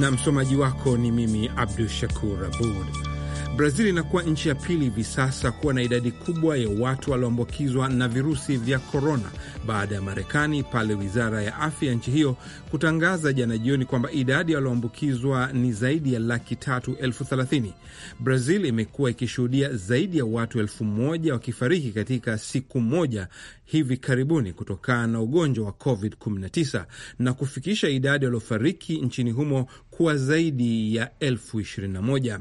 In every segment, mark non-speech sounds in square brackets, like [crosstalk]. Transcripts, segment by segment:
na msomaji wako ni mimi Abdu Shakur Abud. Brazil inakuwa nchi ya pili hivi sasa kuwa na idadi kubwa ya watu walioambukizwa na virusi vya korona baada ya Marekani pale wizara ya afya ya nchi hiyo kutangaza jana jioni kwamba idadi ya walioambukizwa ni zaidi ya laki tatu elfu thelathini. Brazil imekuwa ikishuhudia zaidi ya watu elfu moja wakifariki katika siku moja hivi karibuni kutokana na ugonjwa wa COVID-19 na kufikisha idadi waliofariki nchini humo kuwa zaidi ya elfu ishirini na moja.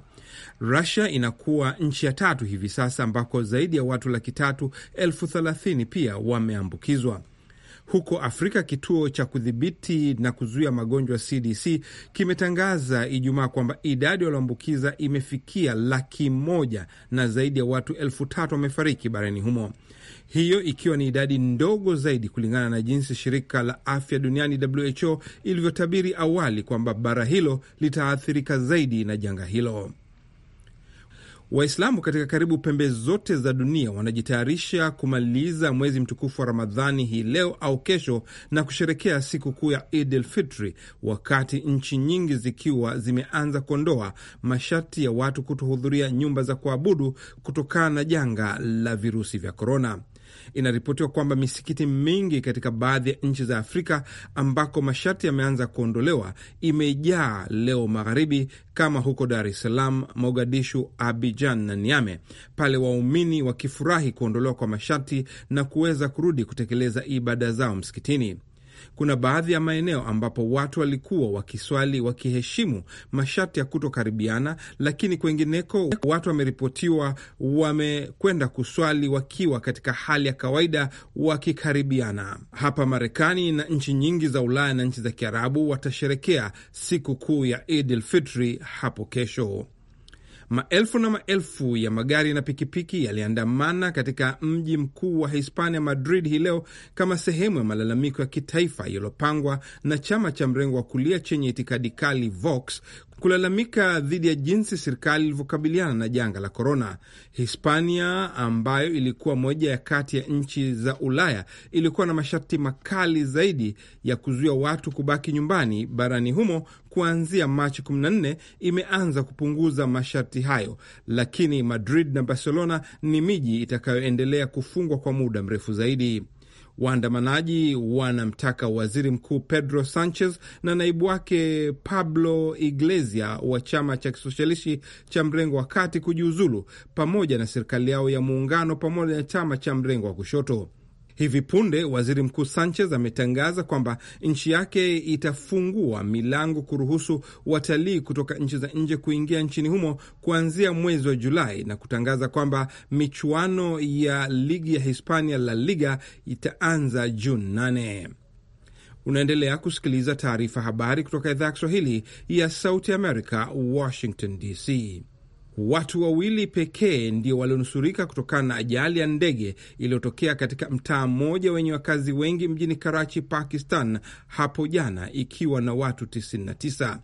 Rusia inakuwa nchi ya tatu hivi sasa ambako zaidi ya watu laki tatu elfu thelathini pia wameambukizwa. Huko Afrika, kituo cha kudhibiti na kuzuia magonjwa CDC kimetangaza Ijumaa kwamba idadi walioambukiza imefikia laki moja na zaidi ya watu elfu tatu wamefariki barani humo, hiyo ikiwa ni idadi ndogo zaidi kulingana na jinsi shirika la afya duniani WHO ilivyotabiri awali kwamba bara hilo litaathirika zaidi na janga hilo. Waislamu katika karibu pembe zote za dunia wanajitayarisha kumaliza mwezi mtukufu wa Ramadhani hii leo au kesho na kusherekea siku kuu ya Id el Fitri, wakati nchi nyingi zikiwa zimeanza kuondoa masharti ya watu kutohudhuria nyumba za kuabudu kutokana na janga la virusi vya korona inaripotiwa kwamba misikiti mingi katika baadhi ya nchi za Afrika ambako masharti yameanza kuondolewa imejaa leo magharibi, kama huko Dar es Salaam, Mogadishu, abijan na Niame, pale waumini wakifurahi kuondolewa kwa masharti na kuweza kurudi kutekeleza ibada zao msikitini. Kuna baadhi ya maeneo ambapo watu walikuwa wakiswali wakiheshimu masharti ya kutokaribiana, lakini kwengineko watu wameripotiwa wamekwenda kuswali wakiwa katika hali ya kawaida wakikaribiana. Hapa Marekani na nchi nyingi za Ulaya na nchi za Kiarabu watasherekea siku kuu ya Idil Fitri hapo kesho. Maelfu na maelfu ya magari na pikipiki yaliandamana katika mji mkuu wa Hispania, Madrid, hii leo kama sehemu ya malalamiko ya kitaifa yaliyopangwa na chama cha mrengo wa kulia chenye itikadi kali Vox kulalamika dhidi ya jinsi serikali ilivyokabiliana na janga la korona. Hispania ambayo ilikuwa moja ya kati ya nchi za Ulaya ilikuwa na masharti makali zaidi ya kuzuia watu kubaki nyumbani barani humo kuanzia Machi 14 imeanza kupunguza masharti hayo, lakini Madrid na Barcelona ni miji itakayoendelea kufungwa kwa muda mrefu zaidi. Waandamanaji wanamtaka waziri mkuu Pedro Sanchez na naibu wake Pablo Iglesias wa chama cha kisoshalisti cha mrengo wa kati kujiuzulu pamoja na serikali yao ya muungano pamoja na chama cha mrengo wa kushoto. Hivi punde waziri mkuu Sanchez ametangaza kwamba nchi yake itafungua milango kuruhusu watalii kutoka nchi za nje kuingia nchini humo kuanzia mwezi wa Julai na kutangaza kwamba michuano ya ligi ya Hispania La Liga itaanza Juni nane Unaendelea kusikiliza taarifa habari kutoka idhaa ya Kiswahili ya Sauti America, Washington DC. Watu wawili pekee ndio walionusurika kutokana na ajali ya ndege iliyotokea katika mtaa mmoja wenye wakazi wengi mjini Karachi, Pakistan hapo jana, ikiwa na watu 99.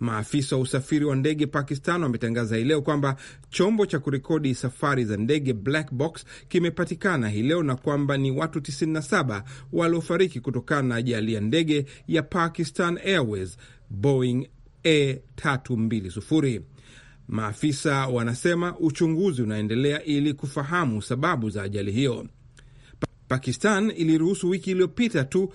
Maafisa wa usafiri wa ndege Pakistan wametangaza hii leo kwamba chombo cha kurekodi safari za ndege black box kimepatikana hii leo na kwamba ni watu 97 waliofariki kutokana na ajali ya ndege ya Pakistan Airways Boeing A320. Maafisa wanasema uchunguzi unaendelea ili kufahamu sababu za ajali hiyo. Pakistan iliruhusu wiki iliyopita tu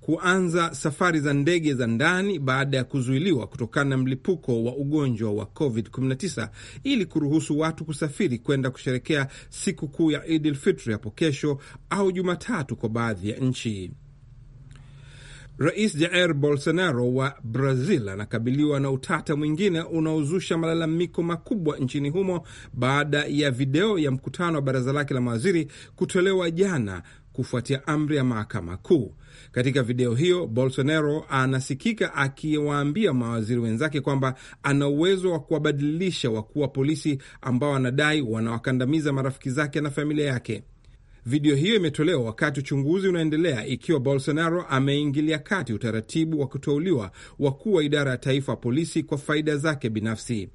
kuanza safari za ndege za ndani baada ya kuzuiliwa kutokana na mlipuko wa ugonjwa wa COVID-19 ili kuruhusu watu kusafiri kwenda kusherekea siku kuu ya Idil Fitri hapo kesho au Jumatatu kwa baadhi ya nchi. Rais Jair Bolsonaro wa Brazil anakabiliwa na utata mwingine unaozusha malalamiko makubwa nchini humo baada ya video ya mkutano wa baraza lake la mawaziri kutolewa jana kufuatia amri ya mahakama kuu. Katika video hiyo, Bolsonaro anasikika akiwaambia mawaziri wenzake kwamba ana uwezo wa kuwabadilisha wakuu wa polisi ambao anadai wanawakandamiza marafiki zake na familia yake. Video hiyo imetolewa wakati uchunguzi unaendelea ikiwa Bolsonaro ameingilia kati utaratibu wa kuteuliwa wakuu wa idara ya taifa ya polisi kwa faida zake binafsi.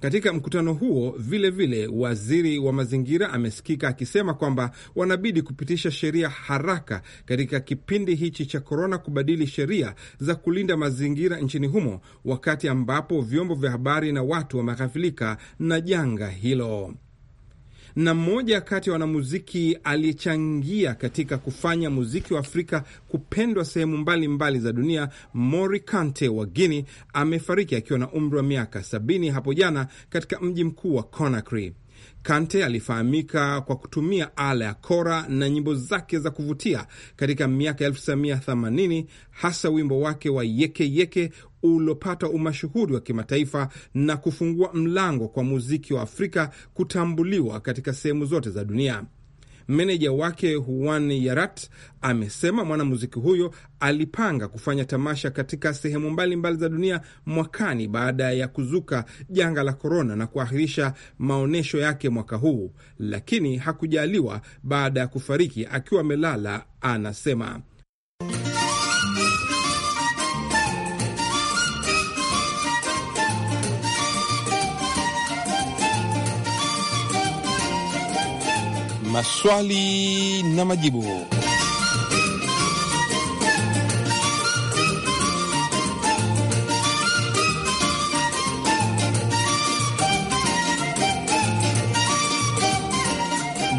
Katika mkutano huo vilevile vile, waziri wa mazingira amesikika akisema kwamba wanabidi kupitisha sheria haraka katika kipindi hichi cha korona, kubadili sheria za kulinda mazingira nchini humo, wakati ambapo vyombo vya habari na watu wameghafilika na janga hilo na mmoja kati ya wanamuziki aliyechangia katika kufanya muziki wa Afrika kupendwa sehemu mbalimbali za dunia, Mori Kante wa Guinea amefariki akiwa na umri wa miaka sabini hapo jana katika mji mkuu wa Conakry. Kante alifahamika kwa kutumia ala ya kora na nyimbo zake za kuvutia katika miaka 1980 hasa wimbo wake wa yeke yeke uliopata umashuhuri wa kimataifa na kufungua mlango kwa muziki wa Afrika kutambuliwa katika sehemu zote za dunia. Meneja wake Huan Yarat amesema mwanamuziki huyo alipanga kufanya tamasha katika sehemu mbalimbali za dunia mwakani baada ya kuzuka janga la korona na kuahirisha maonyesho yake mwaka huu, lakini hakujaliwa baada ya kufariki akiwa amelala, anasema maswali na majibu.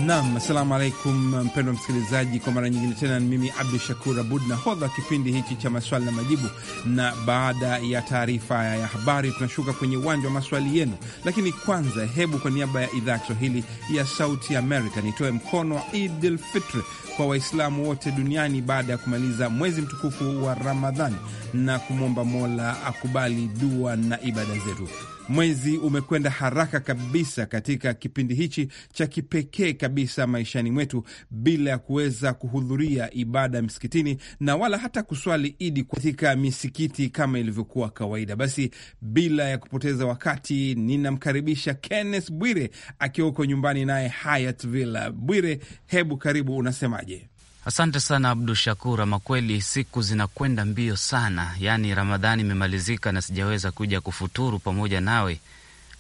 Nam, assalamu alaikum mpendwa msikilizaji, kwa mara nyingine tena ni mimi Abdu Shakur Abud, na hodha kipindi hichi cha maswali na majibu. Na baada ya taarifa ya habari, tunashuka kwenye uwanja wa maswali yenu, lakini kwanza, hebu kwa niaba ya idhaa ya Kiswahili ya Sauti Amerika nitoe mkono wa Idil Fitri kwa Waislamu wote duniani baada ya kumaliza mwezi mtukufu wa Ramadhani na kumwomba Mola akubali dua na ibada zetu. Mwezi umekwenda haraka kabisa katika kipindi hichi cha kipekee kabisa maishani mwetu, bila ya kuweza kuhudhuria ibada msikitini na wala hata kuswali Idi katika misikiti kama ilivyokuwa kawaida. Basi bila ya kupoteza wakati, ninamkaribisha Kenneth Bwire akiwa huko nyumbani, naye Hyatt Villa. Bwire, hebu karibu, unasemaje? Asante sana Abdu Shakur. Ama kweli siku zinakwenda mbio sana, yaani Ramadhani imemalizika na sijaweza kuja kufuturu pamoja nawe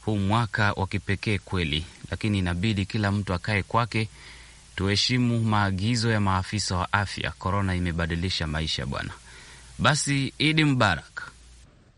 huu mwaka wa kipekee kweli, lakini inabidi kila mtu akae kwake, tuheshimu maagizo ya maafisa wa afya. Korona imebadilisha maisha bwana. Basi Idi Mubarak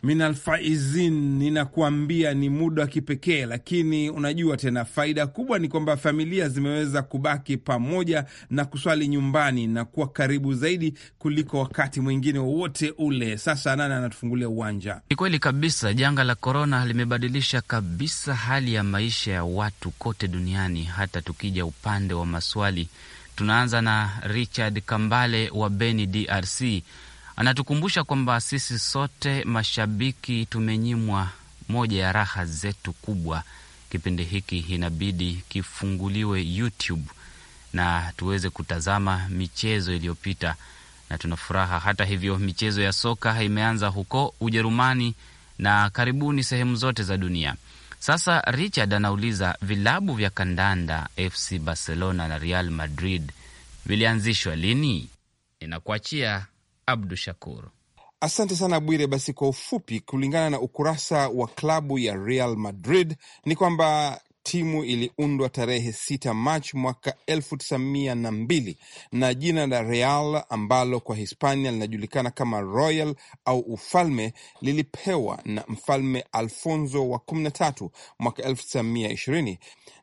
minalfaizin ninakuambia ni muda wa kipekee. Lakini unajua tena, faida kubwa ni kwamba familia zimeweza kubaki pamoja na kuswali nyumbani na kuwa karibu zaidi kuliko wakati mwingine wowote ule. Sasa nane anatufungulia uwanja. Ni kweli kabisa, janga la korona limebadilisha kabisa hali ya maisha ya watu kote duniani. Hata tukija upande wa maswali, tunaanza na Richard Kambale wa Beni, DRC Anatukumbusha kwamba sisi sote mashabiki tumenyimwa moja ya raha zetu kubwa. Kipindi hiki inabidi kifunguliwe YouTube na tuweze kutazama michezo iliyopita, na tuna furaha. Hata hivyo, michezo ya soka imeanza huko Ujerumani na karibuni sehemu zote za dunia. Sasa Richard anauliza vilabu vya kandanda FC Barcelona na Real Madrid vilianzishwa lini? Ninakuachia Abdu Shakur. Asante sana Bwire. Basi kwa ufupi, kulingana na ukurasa wa klabu ya Real Madrid ni kwamba timu iliundwa tarehe sita Machi mwaka elfu na mbili na jina la Real ambalo kwa Hispania linajulikana kama Royal au Ufalme lilipewa na Mfalme Alfonso wa 13 mwaka elfu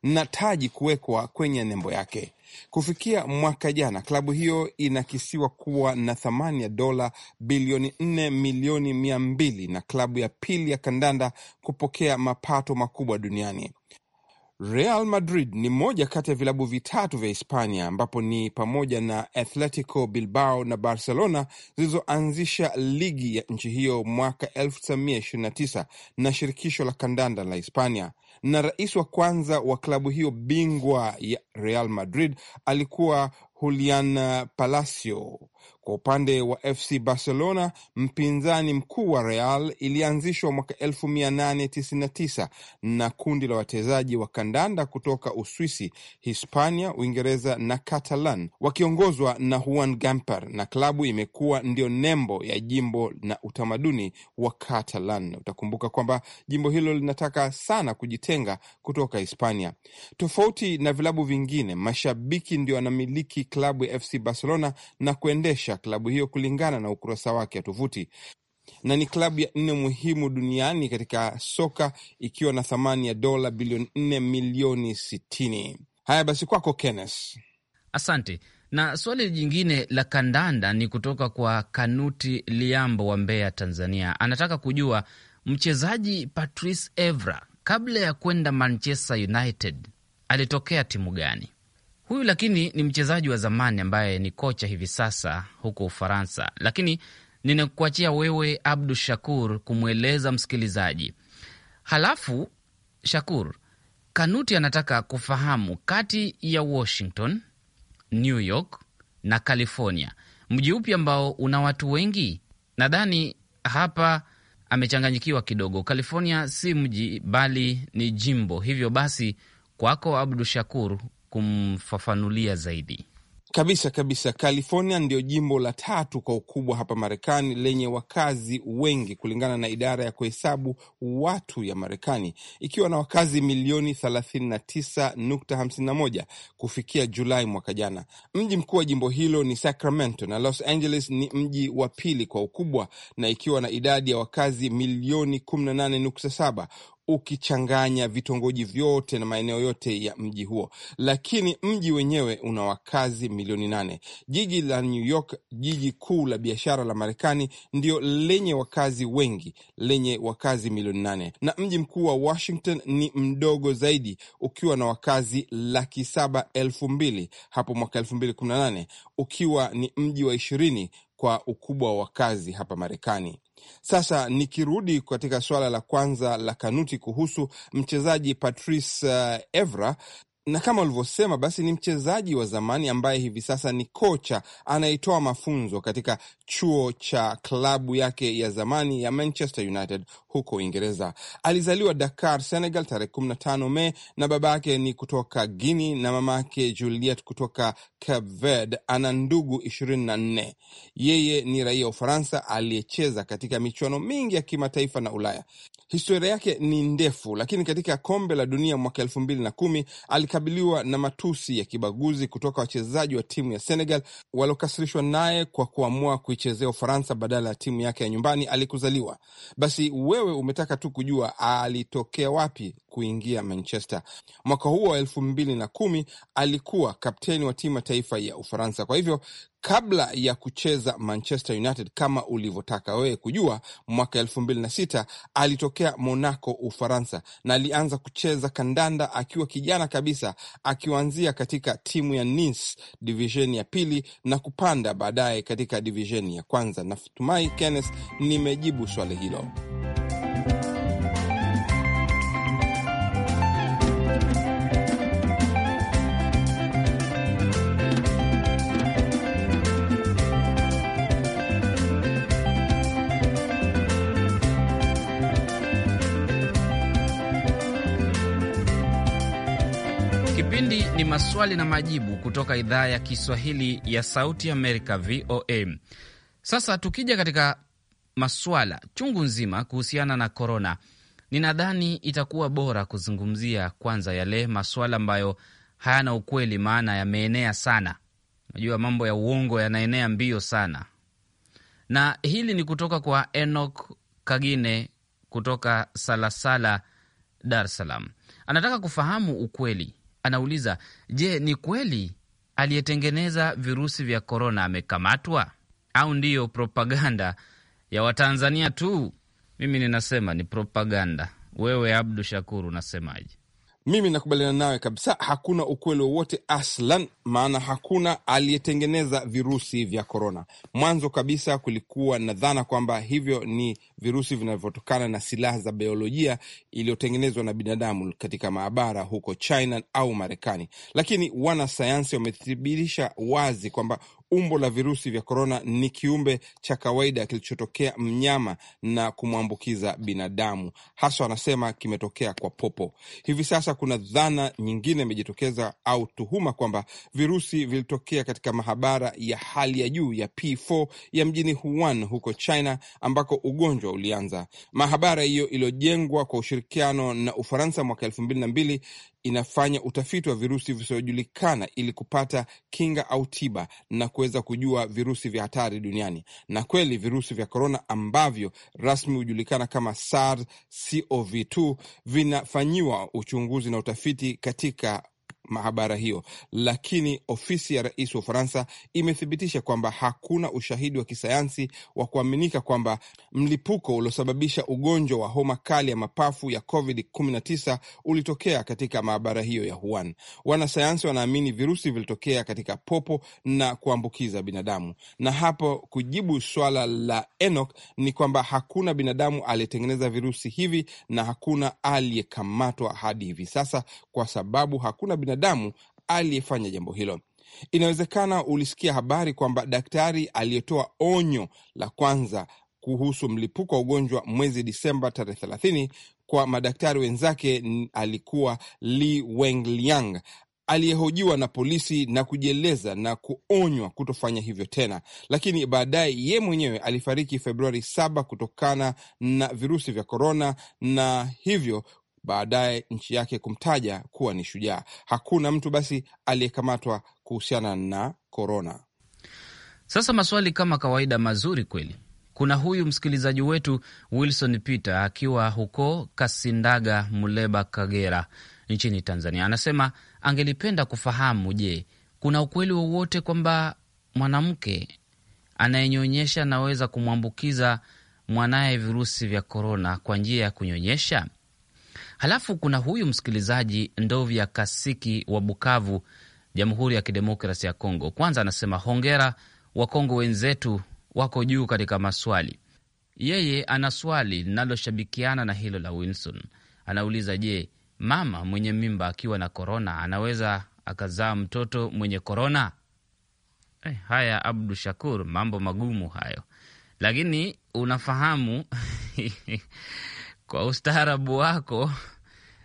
na taji kuwekwa kwenye nembo yake. Kufikia mwaka jana, klabu hiyo inakisiwa kuwa na thamani ya dola bilioni 4 milioni mbili na klabu ya pili ya kandanda kupokea mapato makubwa duniani. Real Madrid ni moja kati ya vilabu vitatu vya Hispania ambapo ni pamoja na Atletico Bilbao na Barcelona zilizoanzisha ligi ya nchi hiyo mwaka 1929 na shirikisho la kandanda la Hispania. Na rais wa kwanza wa klabu hiyo bingwa ya Real Madrid alikuwa Julian Palacio. Kwa upande wa FC Barcelona, mpinzani mkuu wa Real, ilianzishwa mwaka 1899 na kundi la wachezaji wa kandanda kutoka Uswisi, Hispania, Uingereza na Catalan wakiongozwa na Juan Gamper, na klabu imekuwa ndio nembo ya jimbo na utamaduni wa Catalan. Utakumbuka kwamba jimbo hilo linataka sana kujitenga kutoka Hispania. Tofauti na vilabu vingine, mashabiki ndio wanamiliki klabu ya FC Barcelona na kuendesha cha klabu hiyo kulingana na ukurasa wake wa tovuti na ni klabu ya nne muhimu duniani katika soka ikiwa na thamani ya dola bilioni nne milioni sitini. Haya basi, kwako kennes Asante. Na swali jingine la kandanda ni kutoka kwa Kanuti Liambo wa Mbeya, Tanzania. Anataka kujua mchezaji Patrice Evra kabla ya kwenda Manchester United alitokea timu gani? huyu lakini ni mchezaji wa zamani ambaye ni kocha hivi sasa huko Ufaransa, lakini ninakuachia wewe Abdu Shakur kumweleza msikilizaji. Halafu Shakur, Kanuti anataka kufahamu kati ya Washington, New York na California, mji upi ambao una watu wengi? Nadhani hapa amechanganyikiwa kidogo. California si mji bali ni jimbo, hivyo basi kwako Abdu Shakur kumfafanulia zaidi. Kabisa kabisa, California ndio jimbo la tatu kwa ukubwa hapa Marekani lenye wakazi wengi kulingana na idara ya kuhesabu watu ya Marekani, ikiwa na wakazi milioni 39.51 kufikia Julai mwaka jana. Mji mkuu wa jimbo hilo ni Sacramento na Los Angeles ni mji wa pili kwa ukubwa na ikiwa na idadi ya wakazi milioni 18.7, ukichanganya vitongoji vyote na maeneo yote ya mji huo, lakini mji wenyewe una wakazi milioni nane. Jiji la New York, jiji kuu la biashara la Marekani, ndio lenye wakazi wengi, lenye wakazi milioni nane, na mji mkuu wa Washington ni mdogo zaidi ukiwa na wakazi laki saba elfu mbili hapo mwaka elfu mbili kumi na nane ukiwa ni mji wa ishirini kwa ukubwa wa wakazi hapa Marekani. Sasa nikirudi katika suala la kwanza la Kanuti kuhusu mchezaji Patrice eh, Evra, na kama ulivyosema, basi ni mchezaji wa zamani ambaye hivi sasa ni kocha anayetoa mafunzo katika chuo cha klabu yake ya zamani ya Manchester United huko Uingereza. Alizaliwa Dakar, Senegal tarehe 15 Mei, na baba yake ni kutoka Guini na mama yake Juliet kutoka Cape Verde. Ana ndugu 24. Yeye ni raia wa Ufaransa aliyecheza katika michuano mingi ya kimataifa na Ulaya. Historia yake ni ndefu, lakini katika kombe la dunia mwaka elfu mbili na kumi alikabiliwa na matusi ya kibaguzi kutoka wachezaji wa timu ya Senegal waliokasirishwa naye kwa kuamua kuichezea Ufaransa badala ya timu yake ya nyumbani alikuzaliwa. Basi wewe umetaka tu kujua alitokea wapi? kuingia Manchester. Mwaka huo wa elfu mbili na kumi alikuwa kapteni wa timu ya taifa ya Ufaransa. Kwa hivyo kabla ya kucheza Manchester United kama ulivyotaka wewe kujua, mwaka elfu mbili na sita alitokea Monaco, Ufaransa, na alianza kucheza kandanda akiwa kijana kabisa, akiwanzia katika timu ya Nice divisheni ya pili na kupanda baadaye katika divisheni ya kwanza. Natumai Kenneth, nimejibu swali hilo. maswali na majibu kutoka idhaa ya Kiswahili ya Sauti Amerika, VOA. Sasa tukija katika maswala chungu nzima kuhusiana na korona, ninadhani itakuwa bora kuzungumzia kwanza yale maswala ambayo hayana ukweli, maana yameenea sana. Unajua, mambo ya uongo yanaenea mbio sana, na hili ni kutoka kwa enok Kagine kutoka Salasala, Dar es Salaam. Anataka kufahamu ukweli anauliza, je, ni kweli aliyetengeneza virusi vya korona amekamatwa au ndiyo propaganda ya Watanzania tu? Mimi ninasema ni propaganda. Wewe Abdu Shakuru, unasemaje? Mimi nakubaliana nawe kabisa, hakuna ukweli wowote aslan, maana hakuna aliyetengeneza virusi vya korona. Mwanzo kabisa kulikuwa na dhana kwamba hivyo ni virusi vinavyotokana na silaha za biolojia iliyotengenezwa na binadamu katika maabara huko China au Marekani, lakini wanasayansi wamethibitisha wazi kwamba umbo la virusi vya korona ni kiumbe cha kawaida kilichotokea mnyama na kumwambukiza binadamu, haswa anasema kimetokea kwa popo. Hivi sasa kuna dhana nyingine imejitokeza au tuhuma kwamba virusi vilitokea katika mahabara ya hali ya juu ya P4 ya mjini Wuhan huko China, ambako ugonjwa ulianza. Mahabara hiyo iliyojengwa kwa ushirikiano na Ufaransa mwaka elfu mbili na mbili inafanya utafiti wa virusi visivyojulikana ili kupata kinga au tiba na kuweza kujua virusi vya hatari duniani. Na kweli virusi vya korona ambavyo rasmi hujulikana kama SARS CoV2 vinafanyiwa uchunguzi na utafiti katika maabara hiyo, lakini ofisi ya rais wa Ufaransa imethibitisha kwamba hakuna ushahidi wa kisayansi wa kuaminika kwamba mlipuko uliosababisha ugonjwa wa homa kali ya mapafu ya COVID-19 ulitokea katika maabara hiyo ya Wuhan. Wanasayansi wanaamini virusi vilitokea katika popo na kuambukiza binadamu. Na hapo kujibu swala la Enoch ni kwamba hakuna binadamu aliyetengeneza virusi hivi na hakuna aliyekamatwa hadi hivi sasa, kwa sababu hakuna binadamu binadamu aliyefanya jambo hilo. Inawezekana ulisikia habari kwamba daktari aliyetoa onyo la kwanza kuhusu mlipuko wa ugonjwa mwezi Disemba tarehe thelathini kwa madaktari wenzake alikuwa Li Wenliang aliyehojiwa na polisi na kujieleza na kuonywa kutofanya hivyo tena, lakini baadaye ye mwenyewe alifariki Februari saba kutokana na virusi vya korona, na hivyo baadaye nchi yake kumtaja kuwa ni shujaa. Hakuna mtu basi aliyekamatwa kuhusiana na korona. Sasa maswali kama kawaida mazuri kweli. Kuna huyu msikilizaji wetu Wilson Peter akiwa huko Kasindaga, Muleba, Kagera nchini Tanzania, anasema angelipenda kufahamu, je, kuna ukweli wowote kwamba mwanamke anayenyonyesha anaweza kumwambukiza mwanaye virusi vya korona kwa njia ya kunyonyesha? Halafu kuna huyu msikilizaji Ndovya Kasiki wa Bukavu, Jamhuri ya Kidemokrasi ya Kongo. Kwanza anasema hongera Wakongo wenzetu, wako juu katika maswali. Yeye ana swali linaloshabikiana na hilo la Wilson. Anauliza, je, mama mwenye mimba akiwa na korona anaweza akazaa mtoto mwenye korona? Eh, haya Abdu Shakur, mambo magumu hayo, lakini unafahamu [laughs] kwa ustaarabu wako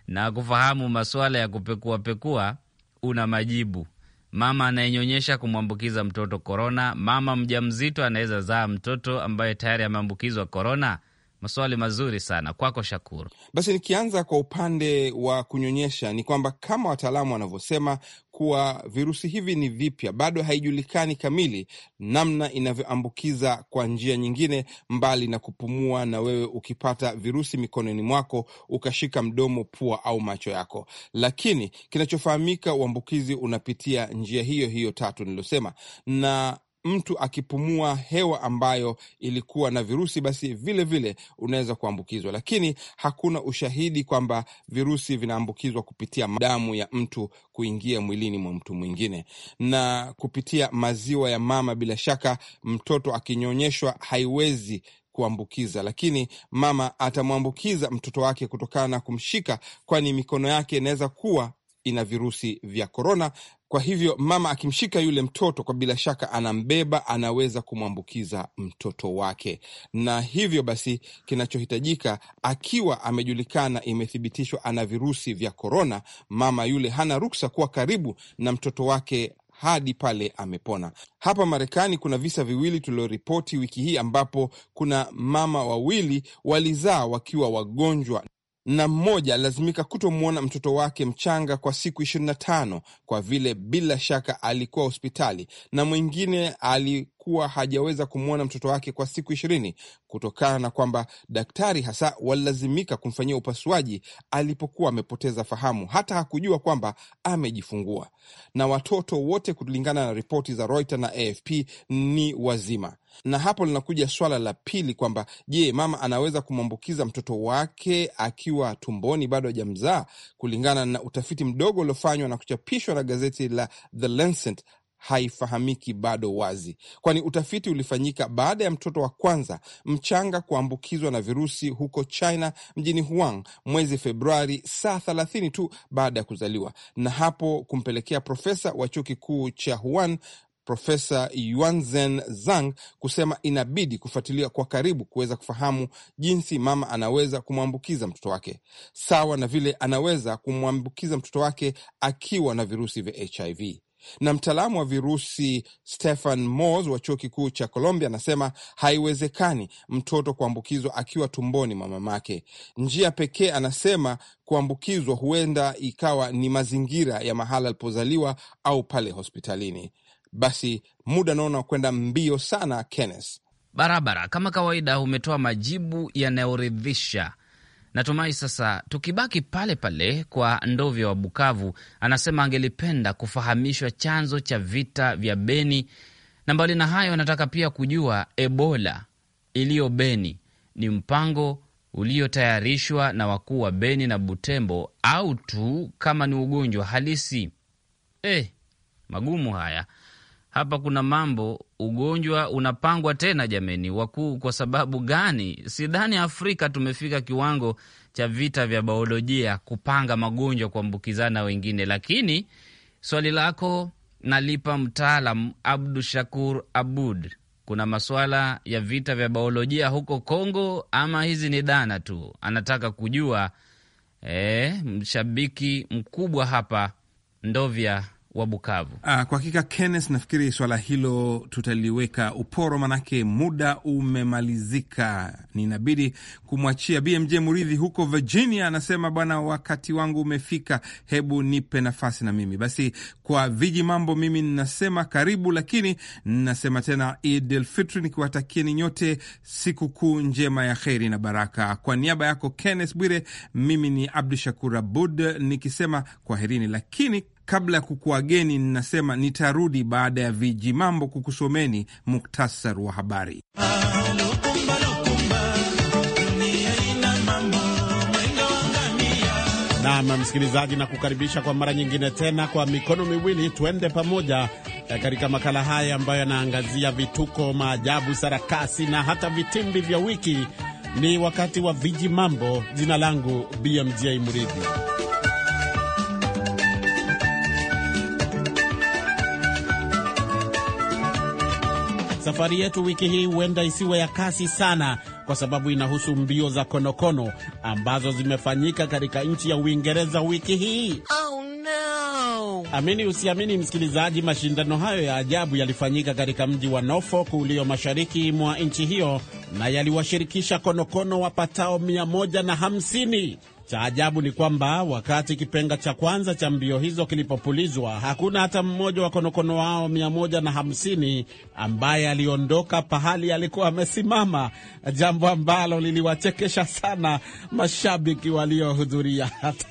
na kufahamu masuala ya kupekuapekua, una majibu. Mama anayenyonyesha kumwambukiza mtoto korona, mama mjamzito anaweza zaa mtoto ambaye tayari ameambukizwa korona. Maswali mazuri sana kwako Shakuru. Basi nikianza kwa upande wa kunyonyesha, ni kwamba kama wataalamu wanavyosema kuwa virusi hivi ni vipya, bado haijulikani kamili namna inavyoambukiza kwa njia nyingine mbali na kupumua, na wewe ukipata virusi mikononi mwako ukashika mdomo, pua au macho yako. Lakini kinachofahamika, uambukizi unapitia njia hiyo hiyo tatu nilosema, na mtu akipumua hewa ambayo ilikuwa na virusi, basi vilevile unaweza kuambukizwa, lakini hakuna ushahidi kwamba virusi vinaambukizwa kupitia damu ya mtu kuingia mwilini mwa mtu mwingine na kupitia maziwa ya mama. Bila shaka mtoto akinyonyeshwa haiwezi kuambukiza lakini mama atamwambukiza mtoto wake kutokana na kumshika, kwani mikono yake inaweza kuwa ina virusi vya korona. Kwa hivyo mama akimshika yule mtoto, kwa bila shaka anambeba, anaweza kumwambukiza mtoto wake. Na hivyo basi, kinachohitajika akiwa amejulikana, imethibitishwa ana virusi vya korona, mama yule hana ruksa kuwa karibu na mtoto wake hadi pale amepona. Hapa Marekani kuna visa viwili tulioripoti wiki hii, ambapo kuna mama wawili walizaa wakiwa wagonjwa na mmoja alilazimika kutomwona mtoto wake mchanga kwa siku ishirini na tano kwa vile bila shaka alikuwa hospitali na mwingine ali kuwa hajaweza kumwona mtoto wake kwa siku ishirini kutokana na kwamba daktari hasa walilazimika kumfanyia upasuaji alipokuwa amepoteza fahamu, hata hakujua kwamba amejifungua. Na watoto wote kulingana na ripoti za Reuters na AFP ni wazima na hapo linakuja swala la pili kwamba je, mama anaweza kumwambukiza mtoto wake akiwa tumboni bado hajamzaa? Kulingana na utafiti mdogo uliofanywa na kuchapishwa na gazeti la The Lancet, haifahamiki bado wazi, kwani utafiti ulifanyika baada ya mtoto wa kwanza mchanga kuambukizwa na virusi huko China mjini Huang, mwezi Februari, saa thelathini tu baada ya kuzaliwa, na hapo kumpelekea profesa wa chuo kikuu cha huan Profesa Yuanzen Zhang kusema inabidi kufuatilia kwa karibu kuweza kufahamu jinsi mama anaweza kumwambukiza mtoto wake, sawa na vile anaweza kumwambukiza mtoto wake akiwa na virusi vya HIV na mtaalamu wa virusi Stefan Moss wa chuo kikuu cha Colombia anasema haiwezekani mtoto kuambukizwa akiwa tumboni mwa mamake. Njia pekee anasema kuambukizwa huenda ikawa ni mazingira ya mahala alipozaliwa au pale hospitalini. Basi muda naona kwenda mbio sana, Kenneth. Barabara kama kawaida, umetoa majibu yanayoridhisha Natumai sasa, tukibaki pale pale kwa Ndovya wa Bukavu, anasema angelipenda kufahamishwa chanzo cha vita vya Beni, na mbali na hayo, anataka pia kujua Ebola iliyo Beni ni mpango uliotayarishwa na wakuu wa Beni na Butembo au tu kama ni ugonjwa halisi. Eh, magumu haya hapa kuna mambo, ugonjwa unapangwa tena. Jameni wakuu, kwa sababu gani? Sidhani Afrika tumefika kiwango cha vita vya biolojia kupanga magonjwa kuambukizana wengine. Lakini swali lako nalipa mtaalam Abdu Shakur Abud, kuna masuala ya vita vya biolojia huko Kongo ama hizi ni dana tu? Anataka kujua eh, mshabiki mkubwa hapa Ndovya wa Bukavu. Ah, kwa hakika Kenneth, nafikiri swala hilo tutaliweka uporo, manake muda umemalizika. Ninabidi kumwachia BMJ Muridhi huko Virginia, anasema bwana, wakati wangu umefika, hebu nipe nafasi na mimi basi. Kwa viji mambo, mimi ninasema karibu, lakini nasema tena Eid al nikiwatakieni nyote sikukuu njema ya kheri na baraka. Kwa niaba yako Kennes Bwire, mimi ni Abdu Shakur Abud nikisema kwaherini, lakini Kabla ya kukuageni, ninasema nitarudi baada ya viji mambo kukusomeni muktasar wa habari. Nam msikilizaji, na kukaribisha kwa mara nyingine tena kwa mikono miwili, tuende pamoja eh, katika makala haya ambayo yanaangazia vituko, maajabu, sarakasi na hata vitimbi vya wiki. Ni wakati wa viji mambo. Jina langu BMJ Mridhi. Safari yetu wiki hii huenda isiwe ya kasi sana, kwa sababu inahusu mbio za konokono ambazo zimefanyika katika nchi ya Uingereza wiki hii. Oh, no. Amini usiamini, msikilizaji, mashindano hayo ya ajabu yalifanyika katika mji wa Norfolk ulio mashariki mwa nchi hiyo na yaliwashirikisha konokono wapatao 150. Cha ajabu ni kwamba wakati kipenga cha kwanza cha mbio hizo kilipopulizwa, hakuna hata mmoja wa konokono wao 150 ambaye aliondoka pahali alikuwa amesimama, jambo ambalo liliwachekesha sana mashabiki waliohudhuria. [laughs] Hata,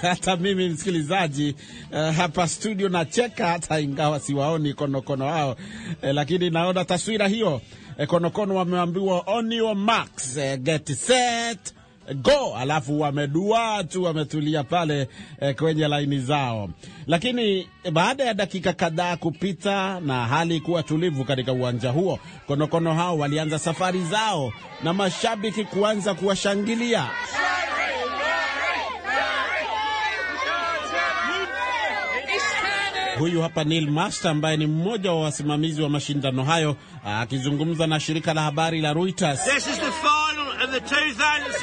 hata mimi msikilizaji, uh, hapa studio nacheka hata ingawa siwaoni konokono wao eh, lakini naona taswira hiyo eh, konokono wameambiwa on your marks, eh, get set go, alafu wamedua tu, wametulia pale eh, kwenye laini zao. Lakini baada ya dakika kadhaa kupita na hali kuwa tulivu katika uwanja huo, konokono hao walianza safari zao na mashabiki kuanza kuwashangilia. Huyu hapa Neil Master ambaye ni mmoja wa wasimamizi wa mashindano hayo akizungumza na shirika la habari la Reuters.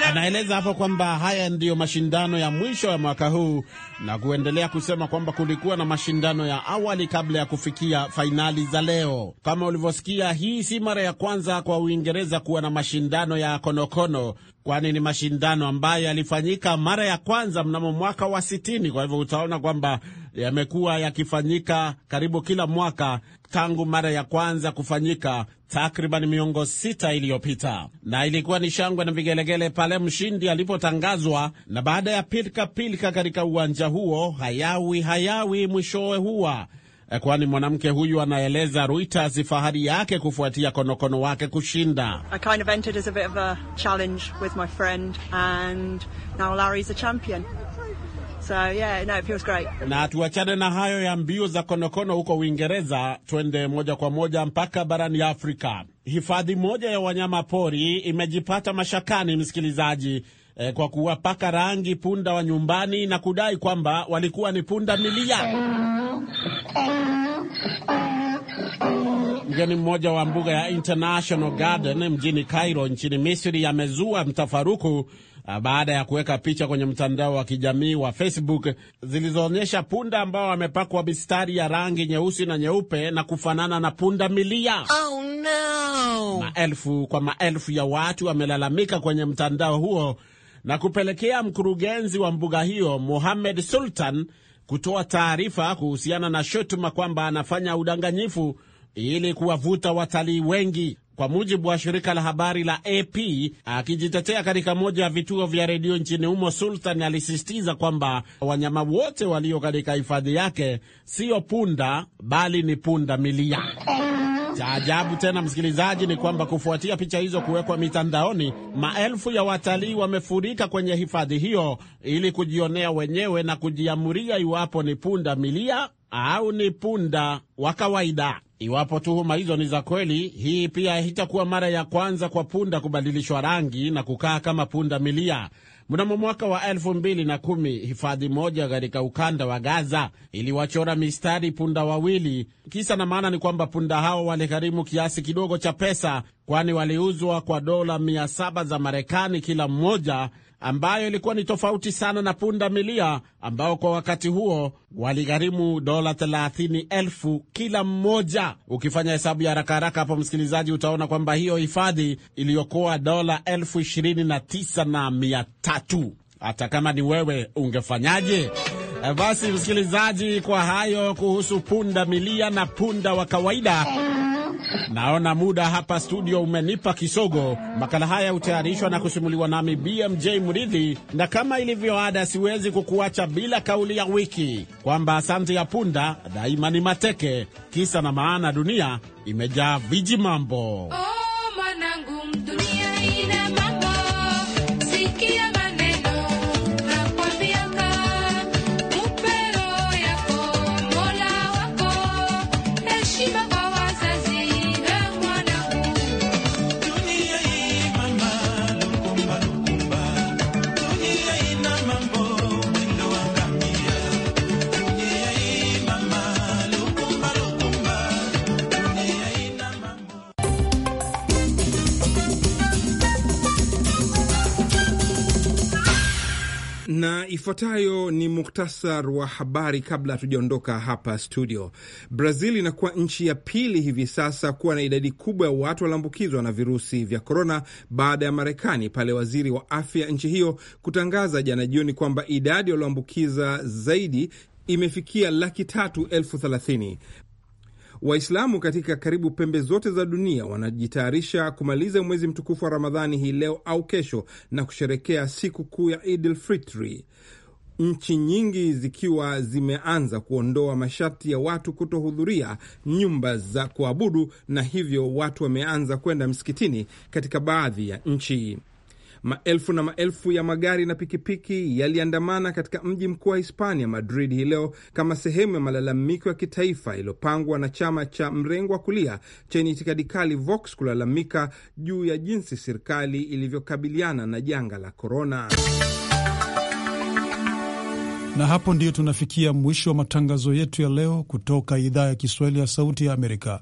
Anaeleza hapo kwamba haya ndiyo mashindano ya mwisho ya mwaka huu na kuendelea kusema kwamba kulikuwa na mashindano ya awali kabla ya kufikia fainali za leo. Kama ulivyosikia, hii si mara ya kwanza kwa Uingereza kuwa na mashindano ya konokono kwani ni mashindano ambayo yalifanyika mara ya kwanza mnamo mwaka wa sitini. Kwa hivyo utaona kwamba yamekuwa yakifanyika karibu kila mwaka tangu mara ya kwanza kufanyika takriban miongo sita iliyopita, na ilikuwa ni shangwe na vigelegele pale mshindi alipotangazwa. Na baada ya pilika pilika katika uwanja huo, hayawi hayawi mwishowe huwa Eh, kwani mwanamke huyu anaeleza Reuters fahari yake kufuatia konokono wake kushinda. so, yeah, no, na tuachane na hayo ya mbio za konokono huko Uingereza, twende moja kwa moja mpaka barani Afrika. Hifadhi moja ya wanyama pori imejipata mashakani, msikilizaji eh, kwa kuwapaka rangi punda wa nyumbani na kudai kwamba walikuwa ni punda milia. Mgeni mmoja wa mbuga ya International Garden mjini Cairo nchini Misri amezua mtafaruku ah, baada ya kuweka picha kwenye mtandao wa kijamii wa Facebook zilizoonyesha punda ambao wamepakwa mistari ya rangi nyeusi na nyeupe na kufanana na punda milia. Oh, no. Maelfu kwa maelfu ya watu wamelalamika kwenye mtandao huo na kupelekea mkurugenzi wa mbuga hiyo Mohamed Sultan kutoa taarifa kuhusiana na shutuma kwamba anafanya udanganyifu ili kuwavuta watalii wengi, kwa mujibu wa shirika la habari la AP. Akijitetea katika moja ya vituo vya redio nchini humo, Sultan alisisitiza kwamba wanyama wote walio katika hifadhi yake siyo punda, bali ni punda milia. Cha ajabu tena, msikilizaji, ni kwamba kufuatia picha hizo kuwekwa mitandaoni, maelfu ya watalii wamefurika kwenye hifadhi hiyo ili kujionea wenyewe na kujiamuria iwapo ni punda milia au ni punda wa kawaida. Iwapo tuhuma hizo ni za kweli, hii pia itakuwa mara ya kwanza kwa punda kubadilishwa rangi na kukaa kama punda milia. Mnamo mwaka wa elfu mbili na kumi hifadhi moja katika ukanda wa Gaza iliwachora mistari punda wawili. Kisa na maana ni kwamba punda hao waligharimu kiasi kidogo cha pesa, kwani waliuzwa kwa dola mia saba za Marekani kila mmoja ambayo ilikuwa ni tofauti sana na punda milia ambao kwa wakati huo waligharimu dola thelathini elfu kila mmoja. Ukifanya hesabu ya haraka haraka hapo, msikilizaji, utaona kwamba hiyo hifadhi iliyokuwa dola elfu ishirini na tisa na mia tatu. Hata kama ni wewe ungefanyaje? Eh, basi msikilizaji, kwa hayo kuhusu punda milia na punda wa kawaida Naona muda hapa studio umenipa kisogo. Makala haya hutayarishwa na kusimuliwa nami BMJ Muridhi, na kama ilivyo ada, siwezi kukuacha bila kauli ya wiki kwamba asante ya punda daima ni mateke. Kisa na maana, dunia imejaa viji mambo. Na ifuatayo ni muktasar wa habari kabla hatujaondoka hapa studio. Brazil inakuwa nchi ya pili hivi sasa kuwa na idadi kubwa ya watu walioambukizwa na virusi vya korona baada ya Marekani, pale waziri wa afya nchi hiyo kutangaza jana jioni kwamba idadi walioambukiza zaidi imefikia laki tatu elfu thelathini. Waislamu katika karibu pembe zote za dunia wanajitayarisha kumaliza mwezi mtukufu wa Ramadhani hii leo au kesho na kusherekea siku kuu ya Idil Fitri, nchi nyingi zikiwa zimeanza kuondoa masharti ya watu kutohudhuria nyumba za kuabudu na hivyo watu wameanza kwenda msikitini katika baadhi ya nchi. Maelfu na maelfu ya magari na pikipiki yaliandamana katika mji mkuu wa Hispania, Madrid, hii leo kama sehemu ya malalamiko ya kitaifa iliyopangwa na chama cha mrengo wa kulia chenye itikadi kali Vox kulalamika juu ya jinsi serikali ilivyokabiliana na janga la korona. Na hapo ndiyo tunafikia mwisho wa matangazo yetu ya leo kutoka idhaa ya Kiswahili ya Sauti ya Amerika.